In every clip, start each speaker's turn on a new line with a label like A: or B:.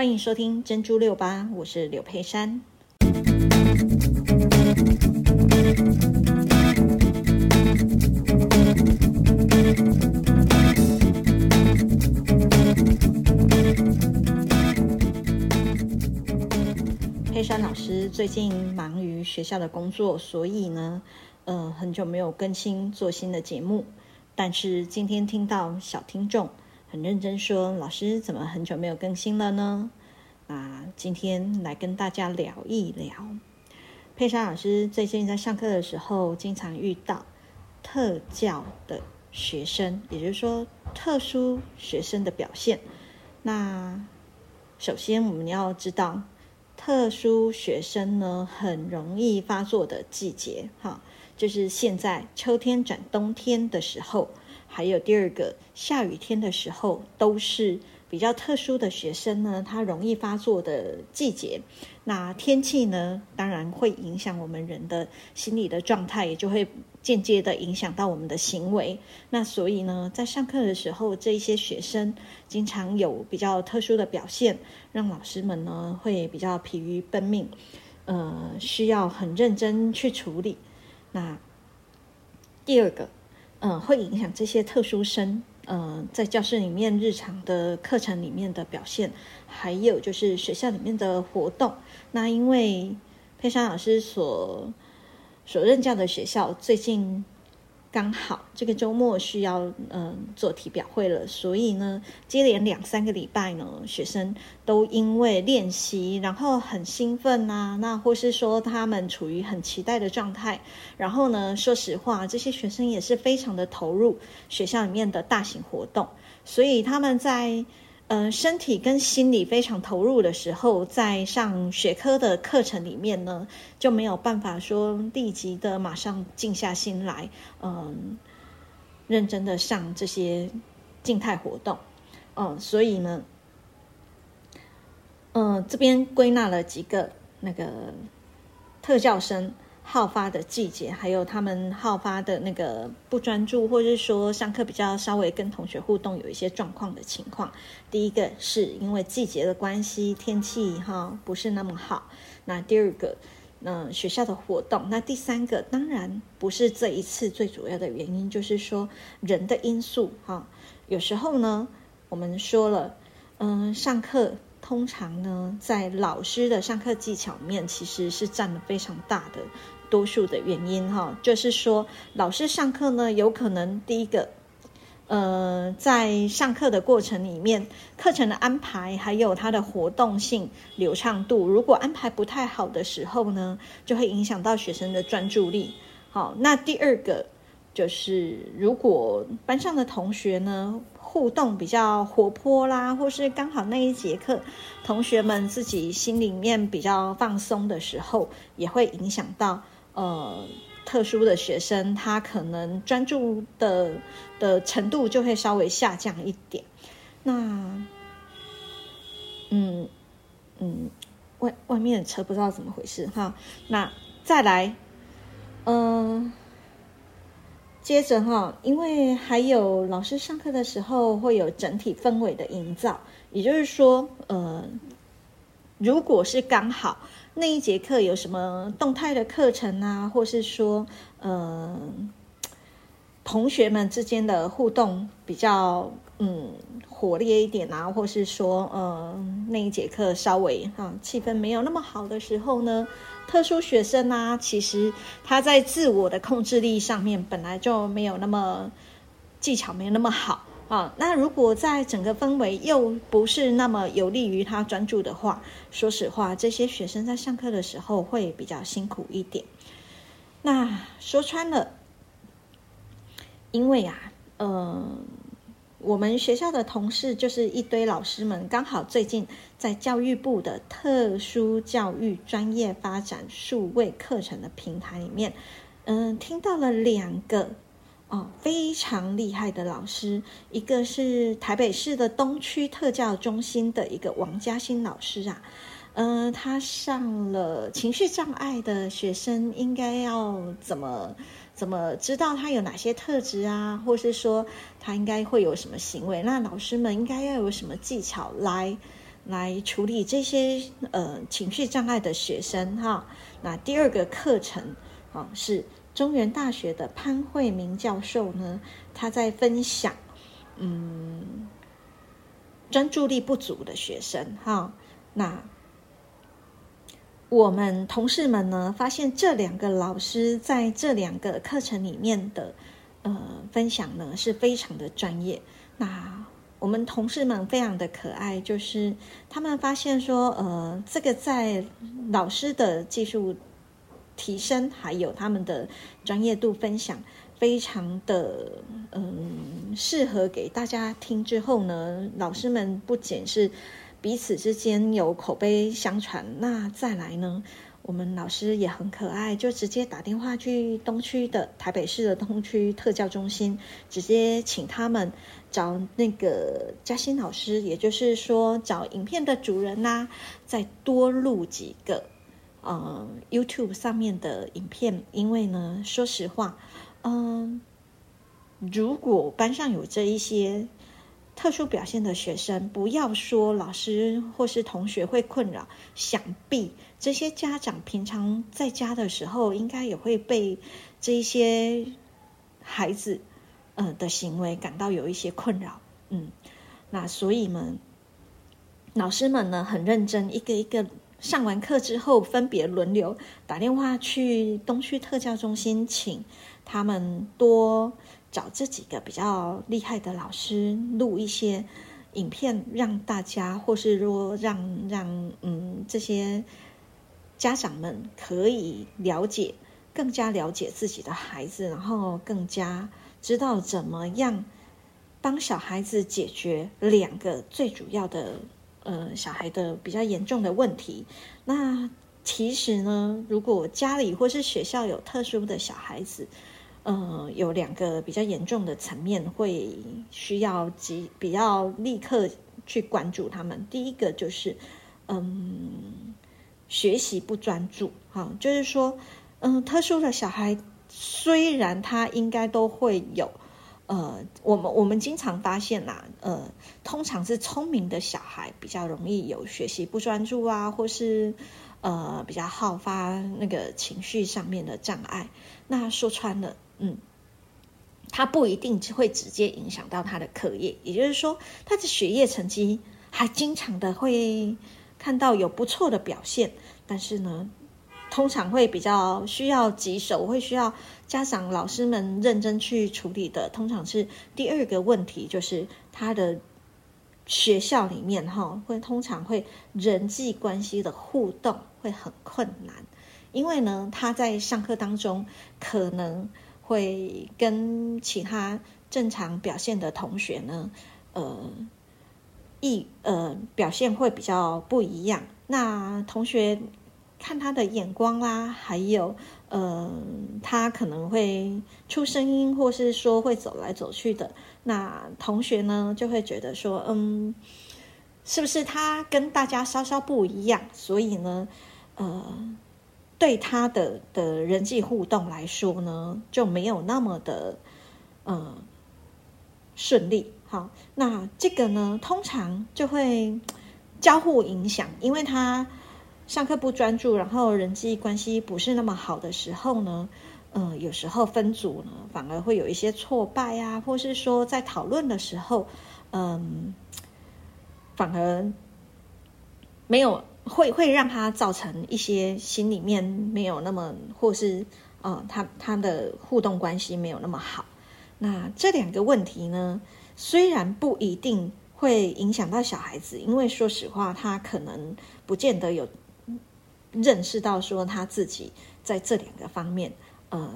A: 歡迎收聽《珍珠六八》，我是柳佩珊。佩珊老師最近忙於學校的工作，所以呢，呃，很久沒有更新做新的節目。但是今天聽到小聽眾。很認真說，老師怎麼很久沒有更新了呢？啊，今天來跟大家聊一聊，佩莎老師最近在上課的時候，經常遇到特教的學生，也就是說特殊學生的表現。那首先我們要知道，特殊學生呢，很容易發作的季節，哈，就是現在秋天轉冬天的時候。還有第二個，下雨天的時候都是比較特殊的學生呢，他容易發作的季節。那天氣呢，當然會影響我們人的心理的狀態，也就會間接的影響到我們的行為。那所以呢，在上課的時候，這一些學生經常有比較特殊的表現，讓老師們呢會比較疲於奔命，呃，需要很認真去處理。那第二個。嗯、呃，會影響這些特殊生，嗯、呃，在教室裡面日常的課程裡面的表現，還有就是學校裡面的活動。那因為佩珊老師所所任教的學校最近。剛好這個週末需要嗯、呃、做體表會了，所以呢，接連兩三個禮拜呢，學生都因為練習，然後很興奮啊，那或是說他們處於很期待的狀態，然後呢，說實話，這些學生也是非常的投入學校裡面的大型活動，所以他們在。嗯、呃，身體跟心理非常投入的時候，在上學科的課程裡面呢，就沒有辦法說立即的馬上靜下心來，嗯、呃，認真的上這些靜態活動，嗯、呃，所以呢，嗯、呃，這邊歸納了幾個那個特教生。好發的季節，還有他們好發的那個不專注，或者是說上課比較稍微跟同學互動有一些狀況的情況。第一個是因為季節的關係，天氣哈不是那麼好。那第二個，嗯，學校的活動。那第三個，當然不是這一次最主要的原因，就是說人的因素哈。有時候呢，我們說了，嗯、呃，上課通常呢，在老師的上課技巧面其實是佔了非常大的。多數的原因哈，就是說老師上課呢，有可能第一個，呃，在上課的過程裡面，課程的安排還有它的活動性、流暢度，如果安排不太好的時候呢，就會影響到學生的專注力。好，那第二個就是，如果班上的同學呢，互動比較活潑啦，或是剛好那一節課，同學們自己心裡面比較放鬆的時候，也會影響到。呃，特殊的學生，他可能專注的的程度就會稍微下降一點。那，嗯嗯，外外面的車不知道怎麼回事哈。那再來，嗯、呃，接着哈，因為還有老師上課的時候會有整體氛圍的營造，也就是說，呃，如果是剛好。那一節課有什麼動態的課程啊，或是說，嗯、呃，同學們之間的互動比較嗯活躍一點啊，或是說，嗯、呃，那一節課稍微哈、啊、氣氛沒有那麼好的時候呢，特殊學生啊，其實他在自我的控制力上面本來就沒有那麼技巧，沒有那麼好。啊、哦，那如果在整個氛圍又不是那麼有利於他專注的話，說實話，這些學生在上課的時候會比較辛苦一點。那說穿了，因為啊，嗯、呃，我們學校的同事就是一堆老師們，剛好最近在教育部的特殊教育專業發展數位課程的平台裡面，嗯、呃，聽到了兩個。哦，非常厲害的老師，一個是台北市的東區特教中心的一個王佳馨老師啊，嗯、呃，他上了情緒障礙的學生應該要怎麼怎麼知道他有哪些特質啊，或是說他應該會有什麼行為，那老師們應該要有什麼技巧來來處理這些呃情緒障礙的學生哈、哦。那第二個課程啊、哦、是。中原大學的潘惠銘教授呢，他在分享，嗯，專注力不足的學生哈。那我們同事們呢，發現這兩個老師在這兩個課程裡面的呃分享呢是非常的專業。那我們同事們非常的可愛，就是他們發現說，呃，這個在老師的技術。提升還有他們的專業度分享，非常的嗯適合給大家聽。之後呢，老師們不僅是彼此之間有口碑相傳，那再來呢，我們老師也很可愛，就直接打電話去東區的台北市的東區特教中心，直接請他們找那個佳馨老師，也就是說找影片的主人吶、啊，再多錄幾個。嗯，YouTube 上面的影片，因為呢，說實話，嗯，如果班上有這一些特殊表現的學生，不要說老師或是同學會困擾，想必這些家長平常在家的時候，應該也會被這一些孩子，呃的行為感到有一些困擾。嗯，那所以呢，老師們呢很認真，一個一個。上完課之後，分別輪流打電話去東區特教中心，請他們多找這幾個比較厲害的老師錄一些影片，讓大家或是說讓讓嗯這些家長們可以了解，更加了解自己的孩子，然後更加知道怎麼樣幫小孩子解決兩個最主要的。呃，小孩的比較嚴重的問題，那其實呢，如果家裡或是學校有特殊的小孩子，呃，有兩個比較嚴重的層面會需要急比較立刻去關注他們。第一個就是，嗯，學習不專注，哈、嗯，就是說，嗯，特殊的小孩雖然他應該都會有。呃，我們我們經常發現啦、啊，呃，通常是聰明的小孩比較容易有學習不專注啊，或是呃比較好發那個情緒上面的障礙。那說穿了，嗯，他不一定會直接影響到他的課業，也就是說，他的學業成績還經常的會看到有不錯的表現，但是呢。通常會比較需要棘手，會需要家長老師們認真去處理的，通常是第二個問題，就是他的學校裡面哈，會通常會人際關係的互動會很困難，因為呢，他在上課當中可能會跟其他正常表現的同學呢，呃，一，呃，表現會比較不一樣，那同學。看他的眼光啦，還有，嗯、呃，他可能會出聲音，或是說會走來走去的。那同學呢，就會覺得說，嗯，是不是他跟大家稍稍不一樣？所以呢，呃，對他的的人際互動來說呢，就沒有那麼的，嗯、呃，順利。好，那這個呢，通常就會交互影響，因為他。上課不專注，然後人際關係不是那麼好的時候呢，嗯、呃，有時候分組呢反而會有一些挫敗啊，或是說在討論的時候，嗯、呃，反而沒有會會讓他造成一些心裡面沒有那麼，或是啊、呃、他他的互動關係沒有那麼好。那這兩個問題呢，雖然不一定會影響到小孩子，因為說實話，他可能不見得有。認識到說他自己在這兩個方面，嗯、呃、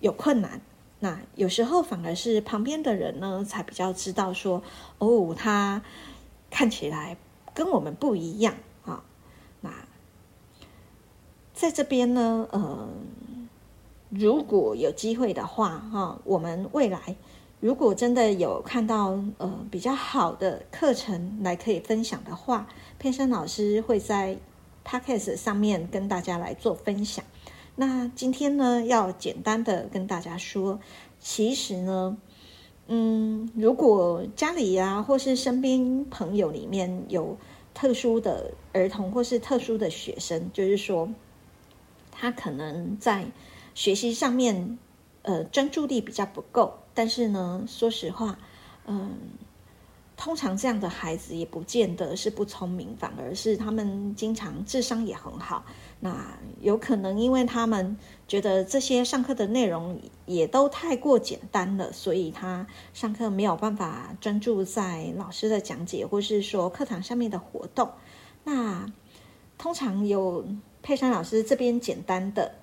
A: 有困難。那有時候反而是旁邊的人呢，才比較知道說，哦，他看起來跟我們不一樣啊、哦。那在這邊呢，呃，如果有機會的話，哈、哦，我們未來如果真的有看到呃比較好的課程來可以分享的話，佩珊老師會在。Podcast 上面跟大家來做分享。那今天呢，要簡單的跟大家說，其實呢，嗯，如果家裡呀、啊，或是身邊朋友裡面有特殊的兒童，或是特殊的學生，就是說，他可能在學習上面，呃，專注力比較不夠。但是呢，說實話，嗯、呃。通常這樣的孩子也不見得是不聰明，反而是他們經常智商也很好。那有可能因為他們覺得這些上課的內容也都太過簡單了，所以他上課沒有辦法專注在老師的講解，或是說課堂上面的活動。那通常有佩珊老師這邊簡單的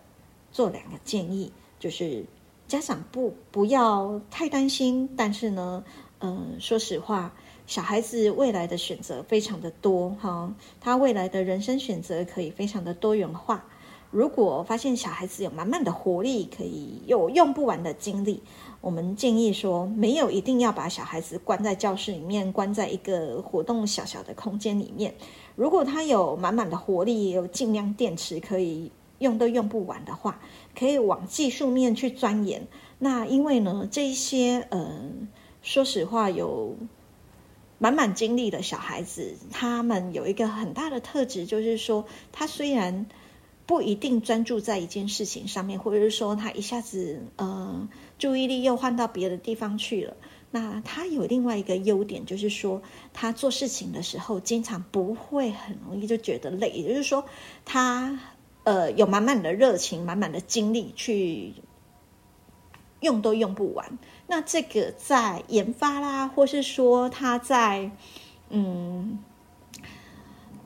A: 做兩個建議，就是家長不不要太擔心，但是呢。嗯，說實話，小孩子未來的選擇非常的多哈，他未來的人生選擇可以非常的多元化。如果發現小孩子有滿滿的活力，可以有用不完的精力，我們建議說，沒有一定要把小孩子關在教室裡面，關在一個活動小小的空間裡面。如果他有滿滿的活力，也有盡量電池可以用都用不完的話，可以往技術面去鑽研。那因為呢，這一些嗯。說實話，有滿滿精力的小孩子，他們有一個很大的特質，就是說，他雖然不一定專注在一件事情上面，或者是說，他一下子呃注意力又換到別的地方去了。那他有另外一個優點，就是說，他做事情的時候，經常不會很容易就覺得累，也就是說他，他呃有滿滿的熱情，滿滿的精力去。用都用不完，那這個在研發啦，或是說他在，嗯，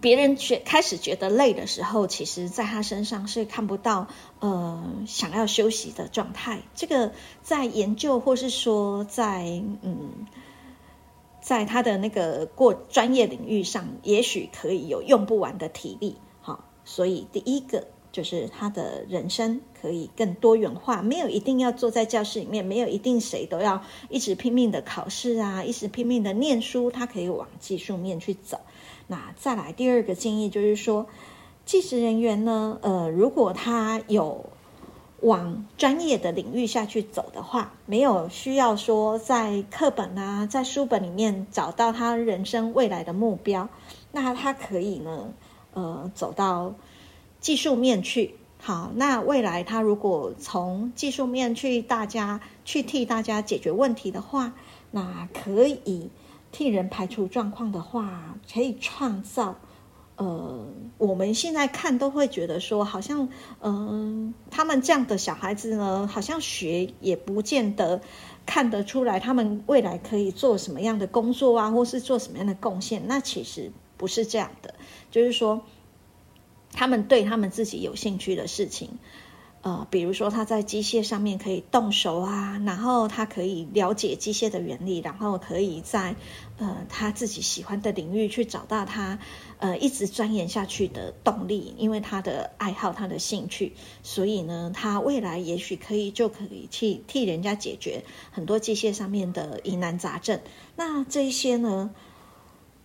A: 別人覺開始覺得累的時候，其實在他身上是看不到呃想要休息的狀態。這個在研究，或是說在嗯，在他的那個過專業領域上，也許可以有用不完的體力。好、哦，所以第一個。就是他的人生可以更多元化，沒有一定要坐在教室裡面，沒有一定誰都要一直拼命的考試啊，一直拼命的念書，他可以往技術面去走。那再來第二個建議就是說，技術人員呢，呃，如果他有往專業的領域下去走的話，沒有需要說在課本啊，在書本裡面找到他人生未來的目標，那他可以呢，呃，走到。技術面去好，那未來他如果從技術面去，大家去替大家解決問題的話，那可以替人排除狀況的話，可以創造。呃，我們現在看都會覺得說，好像嗯、呃，他們這樣的小孩子呢，好像學也不見得看得出來，他們未來可以做什麼樣的工作啊，或是做什麼樣的貢獻？那其實不是這樣的，就是說。他們對他們自己有興趣的事情，呃，比如說他在機械上面可以動手啊，然後他可以了解機械的原理，然後可以在呃他自己喜歡的領域去找到他呃一直鑽研下去的動力，因為他的愛好，他的興趣，所以呢，他未來也許可以就可以去替，替人家解決很多機械上面的疑難雜症。那這一些呢，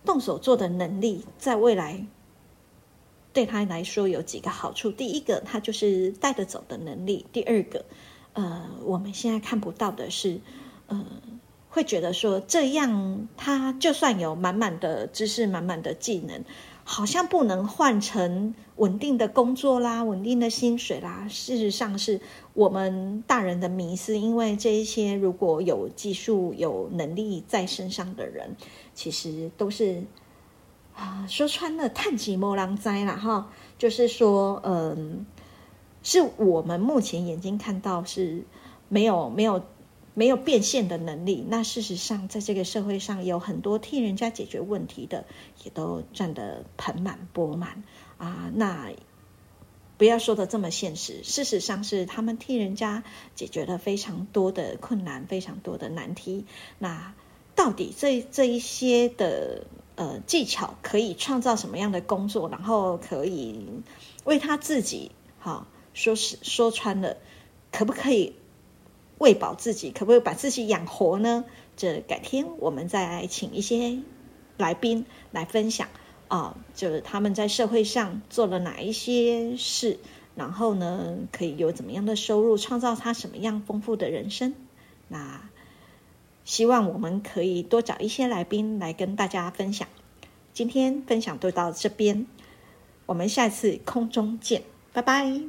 A: 動手做的能力，在未來。對他來說有幾個好處。第一個，他就是帶得走的能力；第二個，呃，我們現在看不到的是，呃，會覺得說這樣他就算有滿滿的知識、滿滿的技能，好像不能換成穩定的工作啦、穩定的薪水啦。事實上，是我們大人的迷思，因為這一些如果有技術、有能力在身上的人，其實都是。呃、說穿了，嘆氣莫浪災了哈，就是說，嗯、呃，是我們目前眼睛看到是沒有、沒有、沒有變現的能力。那事實上，在這個社會上，有很多替人家解決問題的，也都賺得盆滿缽滿啊。那不要說得這麼現實，事實上是他們替人家解決了非常多的困難，非常多的難題。那到底這這一些的？呃，技巧可以創造什麼樣的工作？然後可以為他自己，哈、啊，說是說穿了，可不可以餵飽自己？可不可以把自己養活呢？這改天我們再來請一些來賓來分享啊，就是他們在社會上做了哪一些事，然後呢，可以有怎麼樣的收入，創造他什麼樣豐富的人生？那。希望我們可以多找一些來賓來跟大家分享。今天分享就到這邊，我們下次空中見，拜拜。